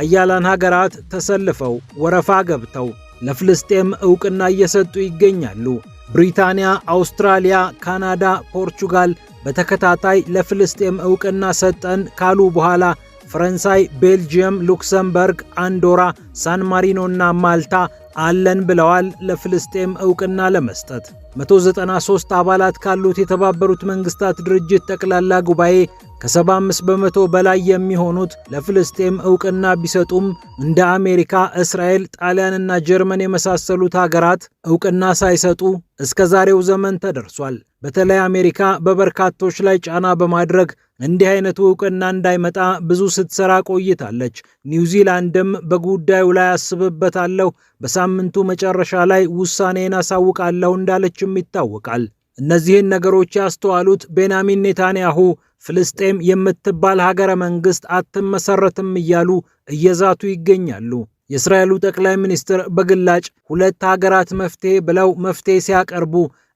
አያላን ሀገራት ተሰልፈው ወረፋ ገብተው ለፍልስጤም ዕውቅና እየሰጡ ይገኛሉ። ብሪታንያ፣ አውስትራሊያ፣ ካናዳ፣ ፖርቹጋል በተከታታይ ለፍልስጤም ዕውቅና ሰጠን ካሉ በኋላ ፈረንሳይ፣ ቤልጅየም፣ ሉክሰምበርግ፣ አንዶራ፣ ሳን ማሪኖና ማልታ አለን ብለዋል ለፍልስጤም ዕውቅና ለመስጠት። 193 አባላት ካሉት የተባበሩት መንግስታት ድርጅት ጠቅላላ ጉባኤ ከ75 በመቶ በላይ የሚሆኑት ለፍልስጤም እውቅና ቢሰጡም እንደ አሜሪካ፣ እስራኤል፣ ጣሊያንና ጀርመን የመሳሰሉት ሀገራት እውቅና ሳይሰጡ እስከ ዛሬው ዘመን ተደርሷል። በተለይ አሜሪካ በበርካቶች ላይ ጫና በማድረግ እንዲህ አይነቱ እውቅና እንዳይመጣ ብዙ ስትሰራ ቆይታለች። ኒውዚላንድም በጉዳዩ ላይ አስብበታለሁ፣ በሳምንቱ መጨረሻ ላይ ውሳኔን አሳውቃለሁ እንዳለችም ይታወቃል። እነዚህን ነገሮች ያስተዋሉት ቤንያሚን ኔታንያሁ ፍልስጤም የምትባል ሀገረ መንግስት አትመሰረትም እያሉ እየዛቱ ይገኛሉ። የእስራኤሉ ጠቅላይ ሚኒስትር በግላጭ ሁለት ሀገራት መፍትሄ ብለው መፍትሄ ሲያቀርቡ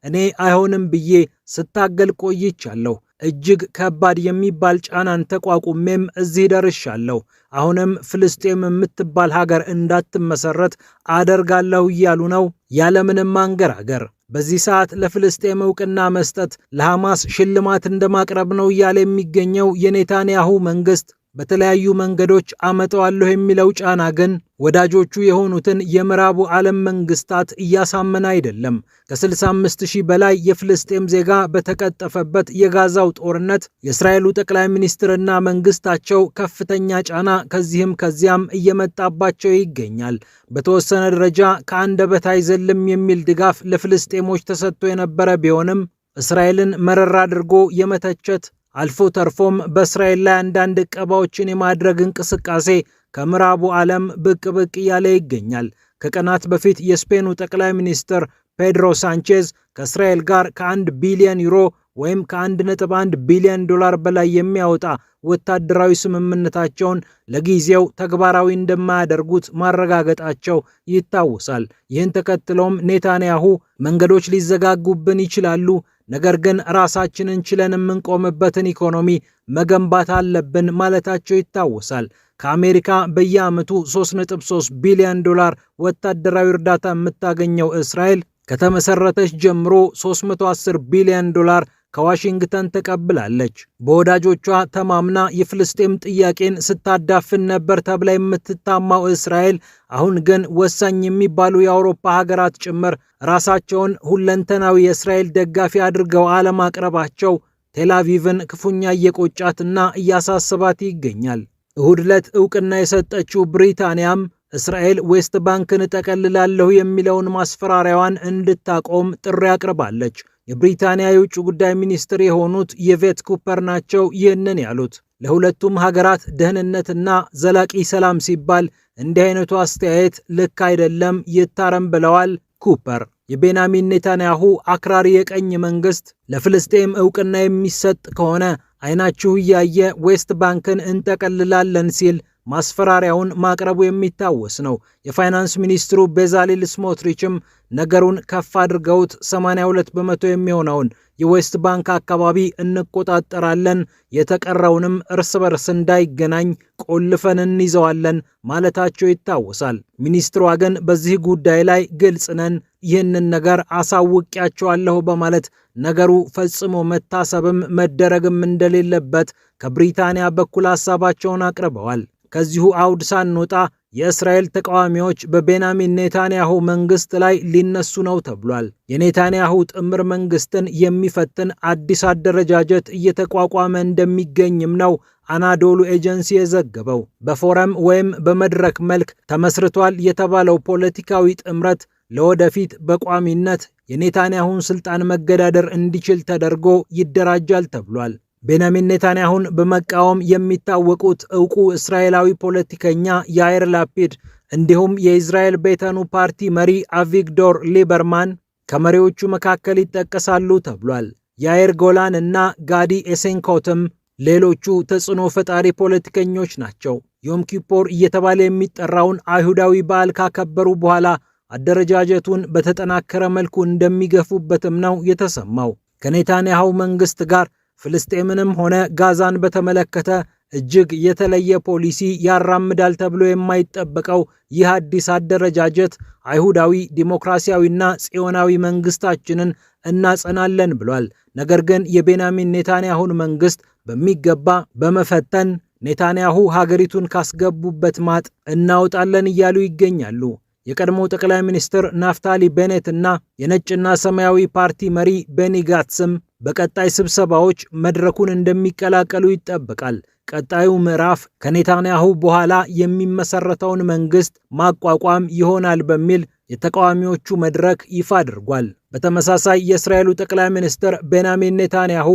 እኔ አይሆንም ብዬ ስታገል ቆይቻለሁ። እጅግ ከባድ የሚባል ጫናን ተቋቁሜም እዚህ ደርሻለሁ። አሁንም ፍልስጤም የምትባል ሀገር እንዳትመሰረት አደርጋለሁ እያሉ ነው ያለምንም አንገራገር። በዚህ ሰዓት ለፍልስጤም እውቅና መስጠት ለሐማስ ሽልማት እንደማቅረብ ነው እያለ የሚገኘው የኔታንያሁ መንግስት በተለያዩ መንገዶች አመጣዋለሁ የሚለው ጫና ግን ወዳጆቹ የሆኑትን የምዕራቡ ዓለም መንግስታት እያሳመነ አይደለም። ከ65 ሺህ በላይ የፍልስጤም ዜጋ በተቀጠፈበት የጋዛው ጦርነት የእስራኤሉ ጠቅላይ ሚኒስትርና መንግስታቸው ከፍተኛ ጫና ከዚህም ከዚያም እየመጣባቸው ይገኛል። በተወሰነ ደረጃ ከአንደበት አይዘልም የሚል ድጋፍ ለፍልስጤሞች ተሰጥቶ የነበረ ቢሆንም እስራኤልን መረር አድርጎ የመተቸት አልፎ ተርፎም በእስራኤል ላይ አንዳንድ እቀባዎችን የማድረግ እንቅስቃሴ ከምዕራቡ ዓለም ብቅ ብቅ እያለ ይገኛል። ከቀናት በፊት የስፔኑ ጠቅላይ ሚኒስትር ፔድሮ ሳንቼዝ ከእስራኤል ጋር ከአንድ ቢሊዮን ዩሮ ወይም ከ1.1 ቢሊዮን ዶላር በላይ የሚያወጣ ወታደራዊ ስምምነታቸውን ለጊዜው ተግባራዊ እንደማያደርጉት ማረጋገጣቸው ይታወሳል። ይህን ተከትሎም ኔታንያሁ መንገዶች ሊዘጋጉብን ይችላሉ፣ ነገር ግን ራሳችንን ችለን የምንቆምበትን ኢኮኖሚ መገንባት አለብን ማለታቸው ይታወሳል። ከአሜሪካ በየዓመቱ 3.3 ቢሊዮን ዶላር ወታደራዊ እርዳታ የምታገኘው እስራኤል ከተመሰረተች ጀምሮ 310 ቢሊዮን ዶላር ከዋሽንግተን ተቀብላለች። በወዳጆቿ ተማምና የፍልስጤም ጥያቄን ስታዳፍን ነበር ተብላ የምትታማው እስራኤል አሁን ግን ወሳኝ የሚባሉ የአውሮፓ ሀገራት ጭምር ራሳቸውን ሁለንተናዊ የእስራኤል ደጋፊ አድርገው አለማቅረባቸው ቴላቪቭን ክፉኛ እየቆጫትና እያሳሰባት ይገኛል። እሁድ ዕለት እውቅና የሰጠችው ብሪታንያም እስራኤል ዌስት ባንክን እጠቀልላለሁ የሚለውን ማስፈራሪያዋን እንድታቆም ጥሪ አቅርባለች። የብሪታንያ የውጭ ጉዳይ ሚኒስትር የሆኑት የቬት ኩፐር ናቸው ይህንን ያሉት። ለሁለቱም ሀገራት ደህንነትና ዘላቂ ሰላም ሲባል እንዲህ አይነቱ አስተያየት ልክ አይደለም፣ ይታረም ብለዋል ኩፐር። የቤንያሚን ኔታንያሁ አክራሪ የቀኝ መንግስት ለፍልስጤም እውቅና የሚሰጥ ከሆነ አይናችሁ እያየ ዌስት ባንክን እንጠቀልላለን ሲል ማስፈራሪያውን ማቅረቡ የሚታወስ ነው። የፋይናንስ ሚኒስትሩ ቤዛሊል ስሞትሪችም ነገሩን ከፍ አድርገውት 82 በመቶ የሚሆነውን የዌስት ባንክ አካባቢ እንቆጣጠራለን፣ የተቀረውንም እርስ በርስ እንዳይገናኝ ቆልፈን እንይዘዋለን ማለታቸው ይታወሳል። ሚኒስትሯ ግን በዚህ ጉዳይ ላይ ግልጽ ነን፣ ይህንን ነገር አሳውቂያቸዋለሁ በማለት ነገሩ ፈጽሞ መታሰብም መደረግም እንደሌለበት ከብሪታንያ በኩል ሀሳባቸውን አቅርበዋል። ከዚሁ አውድ ሳንወጣ የእስራኤል ተቃዋሚዎች በቤንያሚን ኔታንያሁ መንግስት ላይ ሊነሱ ነው ተብሏል። የኔታንያሁ ጥምር መንግስትን የሚፈትን አዲስ አደረጃጀት እየተቋቋመ እንደሚገኝም ነው አናዶሉ ኤጀንሲ የዘገበው። በፎረም ወይም በመድረክ መልክ ተመስርቷል የተባለው ፖለቲካዊ ጥምረት ለወደፊት በቋሚነት የኔታንያሁን ስልጣን መገዳደር እንዲችል ተደርጎ ይደራጃል ተብሏል። ቤንያሚን ኔታንያሁን በመቃወም የሚታወቁት እውቁ እስራኤላዊ ፖለቲከኛ ያይር ላፒድ እንዲሁም የእስራኤል ቤተኑ ፓርቲ መሪ አቪግዶር ሊበርማን ከመሪዎቹ መካከል ይጠቀሳሉ ተብሏል። ያይር ጎላን እና ጋዲ ኤሴንኮትም ሌሎቹ ተጽዕኖ ፈጣሪ ፖለቲከኞች ናቸው። ዮም ኪፖር እየተባለ የሚጠራውን አይሁዳዊ በዓል ካከበሩ በኋላ አደረጃጀቱን በተጠናከረ መልኩ እንደሚገፉበትም ነው የተሰማው። ከኔታንያሁ መንግስት ጋር ፍልስጤምንም ሆነ ጋዛን በተመለከተ እጅግ የተለየ ፖሊሲ ያራምዳል ተብሎ የማይጠበቀው ይህ አዲስ አደረጃጀት አይሁዳዊ ዲሞክራሲያዊና ጽዮናዊ መንግስታችንን እናጸናለን ብሏል። ነገር ግን የቤንያሚን ኔታንያሁን መንግስት በሚገባ በመፈተን ኔታንያሁ ሀገሪቱን ካስገቡበት ማጥ እናወጣለን እያሉ ይገኛሉ። የቀድሞ ጠቅላይ ሚኒስትር ናፍታሊ ቤኔት እና የነጭና ሰማያዊ ፓርቲ መሪ ቤኒ ጋትስም በቀጣይ ስብሰባዎች መድረኩን እንደሚቀላቀሉ ይጠበቃል። ቀጣዩ ምዕራፍ ከኔታንያሁ በኋላ የሚመሰረተውን መንግስት ማቋቋም ይሆናል በሚል የተቃዋሚዎቹ መድረክ ይፋ አድርጓል። በተመሳሳይ የእስራኤሉ ጠቅላይ ሚኒስትር ቤንያሚን ኔታንያሁ